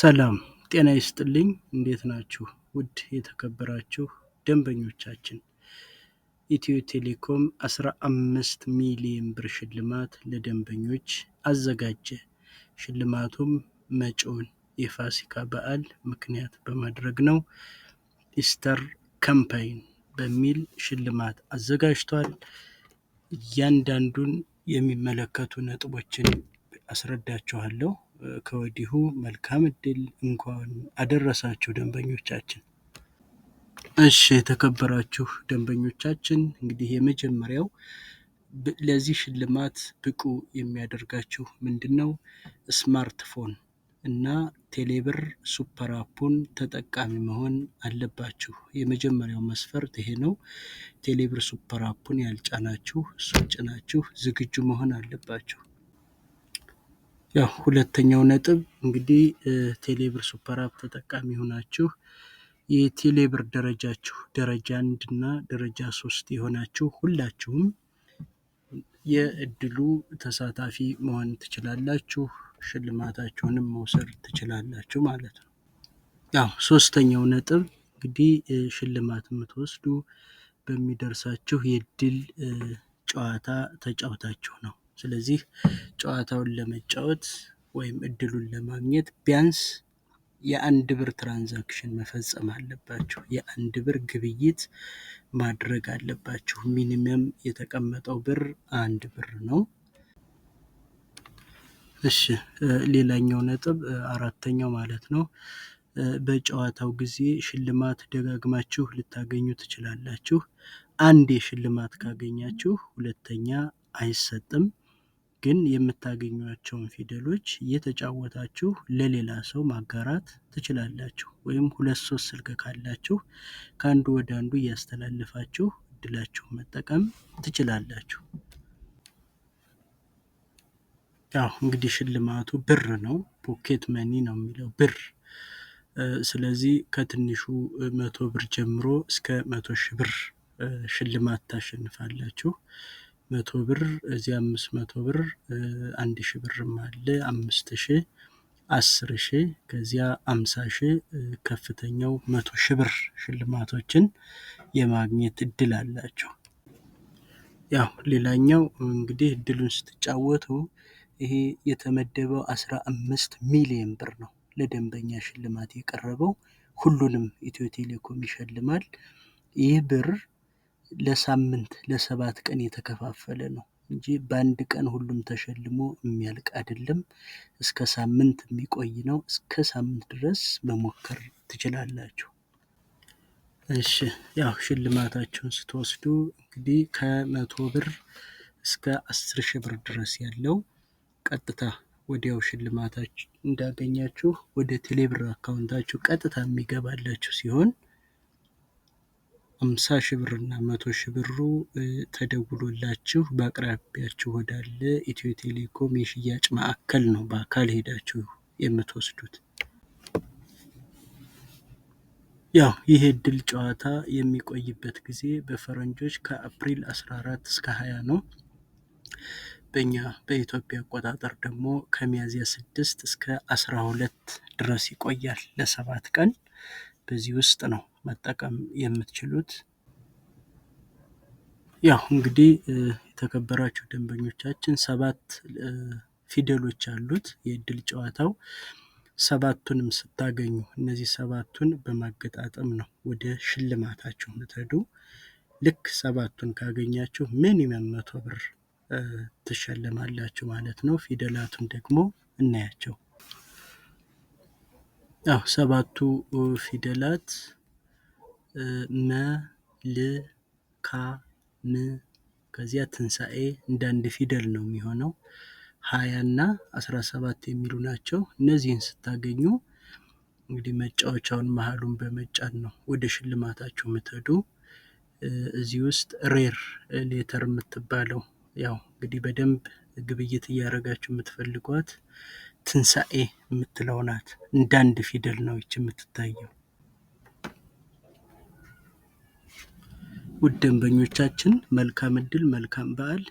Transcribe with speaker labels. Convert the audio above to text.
Speaker 1: ሰላም ጤና ይስጥልኝ እንዴት ናችሁ? ውድ የተከበራችሁ ደንበኞቻችን ኢትዮ ቴሌኮም 15 ሚሊዮን ብር ሽልማት ለደንበኞች አዘጋጀ። ሽልማቱም መጪውን የፋሲካ በዓል ምክንያት በማድረግ ነው። ኢስተር ካምፓይን በሚል ሽልማት አዘጋጅቷል። እያንዳንዱን የሚመለከቱ ነጥቦችን አስረዳችኋለሁ። ከወዲሁ መልካም እድል እንኳን አደረሳችሁ ደንበኞቻችን። እሺ የተከበራችሁ ደንበኞቻችን እንግዲህ የመጀመሪያው ለዚህ ሽልማት ብቁ የሚያደርጋችሁ ምንድን ነው? ስማርትፎን እና ቴሌብር ሱፐር አፑን ተጠቃሚ መሆን አለባችሁ። የመጀመሪያው መስፈርት ይሄ ነው። ቴሌብር ሱፐር አፑን ያልጫናችሁ እሱን ጭናችሁ ዝግጁ መሆን አለባችሁ። ያው ሁለተኛው ነጥብ እንግዲህ ቴሌብር ሱፐር አፕ ተጠቃሚ ሆናችሁ የቴሌብር ደረጃችሁ ደረጃ አንድ እና ደረጃ ሶስት የሆናችሁ ሁላችሁም የእድሉ ተሳታፊ መሆን ትችላላችሁ። ሽልማታችሁንም መውሰድ ትችላላችሁ ማለት ነው። ያው ሶስተኛው ነጥብ እንግዲህ ሽልማት የምትወስዱ በሚደርሳችሁ የእድል ጨዋታ ተጫውታችሁ ነው። ስለዚህ ጨዋታውን ለመጫወት ወይም እድሉን ለማግኘት ቢያንስ የአንድ ብር ትራንዛክሽን መፈጸም አለባችሁ። የአንድ ብር ግብይት ማድረግ አለባችሁ። ሚኒመም የተቀመጠው ብር አንድ ብር ነው። እሺ ሌላኛው ነጥብ አራተኛው ማለት ነው፣ በጨዋታው ጊዜ ሽልማት ደጋግማችሁ ልታገኙ ትችላላችሁ። አንዴ ሽልማት ካገኛችሁ ሁለተኛ አይሰጥም። ግን የምታገኟቸውን ፊደሎች እየተጫወታችሁ ለሌላ ሰው ማጋራት ትችላላችሁ። ወይም ሁለት ሶስት ስልክ ካላችሁ ከአንዱ ወደ አንዱ እያስተላለፋችሁ እድላችሁን መጠቀም ትችላላችሁ። ያው እንግዲህ ሽልማቱ ብር ነው። ፖኬት መኒ ነው የሚለው ብር። ስለዚህ ከትንሹ መቶ ብር ጀምሮ እስከ መቶ ሺህ ብር ሽልማት ታሸንፋላችሁ። መቶ ብር እዚህ አምስት መቶ ብር አንድ ሺ ብርም አለ አምስት ሺ አስር ሺ ከዚያ አምሳ ሺ ከፍተኛው መቶ ሺ ብር ሽልማቶችን የማግኘት እድል አላቸው። ያው ሌላኛው እንግዲህ እድሉን ስትጫወቱ ይሄ የተመደበው አስራ አምስት ሚሊየን ብር ነው ለደንበኛ ሽልማት የቀረበው ሁሉንም ኢትዮ ቴሌኮም ይሸልማል። ይህ ብር ለሳምንት ለሰባት ቀን የተከፋፈለ ነው እንጂ በአንድ ቀን ሁሉም ተሸልሞ የሚያልቅ አይደለም። እስከ ሳምንት የሚቆይ ነው። እስከ ሳምንት ድረስ መሞከር ትችላላችሁ። እሺ ያው ሽልማታችሁን ስትወስዱ እንግዲህ ከመቶ ብር እስከ አስር ሺህ ብር ድረስ ያለው ቀጥታ ወዲያው ሽልማታችሁ እንዳገኛችሁ ወደ ቴሌብር አካውንታችሁ ቀጥታ የሚገባላችሁ ሲሆን አምሳ ሺህ ብር እና መቶ ሺህ ብሩ ተደውሎላችሁ በአቅራቢያችሁ ወዳለ ኢትዮ ቴሌኮም የሽያጭ ማዕከል ነው በአካል ሄዳችሁ የምትወስዱት። ያው ይህ እድል ጨዋታ የሚቆይበት ጊዜ በፈረንጆች ከአፕሪል 14 እስከ 20 ነው። በእኛ በኢትዮጵያ አቆጣጠር ደግሞ ከሚያዝያ 6 እስከ 12 ድረስ ይቆያል ለሰባት ቀን። በዚህ ውስጥ ነው መጠቀም የምትችሉት። ያው እንግዲህ የተከበራችሁ ደንበኞቻችን ሰባት ፊደሎች አሉት የእድል ጨዋታው። ሰባቱንም ስታገኙ እነዚህ ሰባቱን በማገጣጠም ነው ወደ ሽልማታችሁ የምትሄዱ። ልክ ሰባቱን ካገኛችሁ ሚኒመም መቶ ብር ትሸልማላችሁ ማለት ነው። ፊደላቱን ደግሞ እናያቸው። ሰባቱ ፊደላት መ ል ካ ም ከዚያ ትንሳኤ እንደ አንድ ፊደል ነው የሚሆነው ሀያ እና አስራ ሰባት የሚሉ ናቸው። እነዚህን ስታገኙ እንግዲህ መጫወቻውን መሀሉን በመጫን ነው ወደ ሽልማታችሁ የምትሄዱ። እዚህ ውስጥ ሬር ሌተር የምትባለው ያው እንግዲህ በደንብ ግብይት እያደረጋችሁ የምትፈልጓት ትንሣኤ የምትለው ናት እንደ አንድ ፊደል ነው ይች የምትታየው ውድ ደንበኞቻችን መልካም እድል መልካም በዓል።